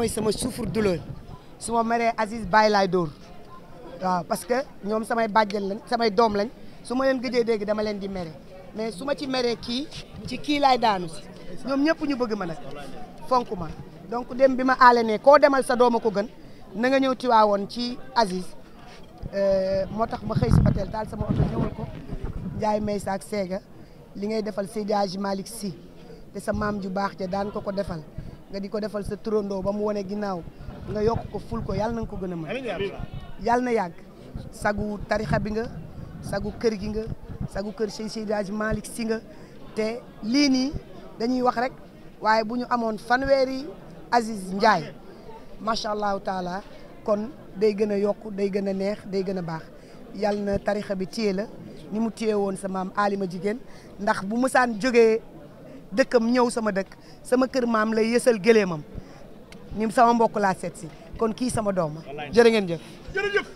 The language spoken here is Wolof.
mooy sama souffre douleur su ma meree Aziz bàyyi laay dóor waaw parce que ñoom samay bàjjen lañ samay doom lañ su ma leen gëjee dégg dama leen di mere mais su ma ci meree kii ci kii laay daanu si ñoom ñëpp ñu bëgg ma nag fonk ma donc dem bi ma aale ne koo demal sa doom a ko gën na nga ñëw Tiwaawoon ci Aziz euh, moo tax ma xëy si ba teel daal sama oto ñëwal ko Maysa ak seega li ngay defal Seydi Hadji Malick Sy te sa maam ju baax ja daan ko ko defal nga di ko defal sa turandoo ba mu wone ginnaaw nga yokk ko ful ko yàlla na nga ko gën a mën yàlla na yàgg sagu tarixa bi nga sagu kër gi nga sagu kër Cheikh Seydi Hadji si nga te lii nii dañuy wax rek waaye bu ñu amoon fanweeri Aziz Ndiaye macha allahu taala kon day gën a yokk day gën a neex day gën a baax yàlla na tarixa bi téye la ni mu téye woon sa maam Alima jigéen ndax bu mësaan jógee dëkkam ñëw sama dëkk sama kër maam lay yësal gëleemam ñi sama mbokk laa seet si kon kii sama doom ma jërë ngeen jëf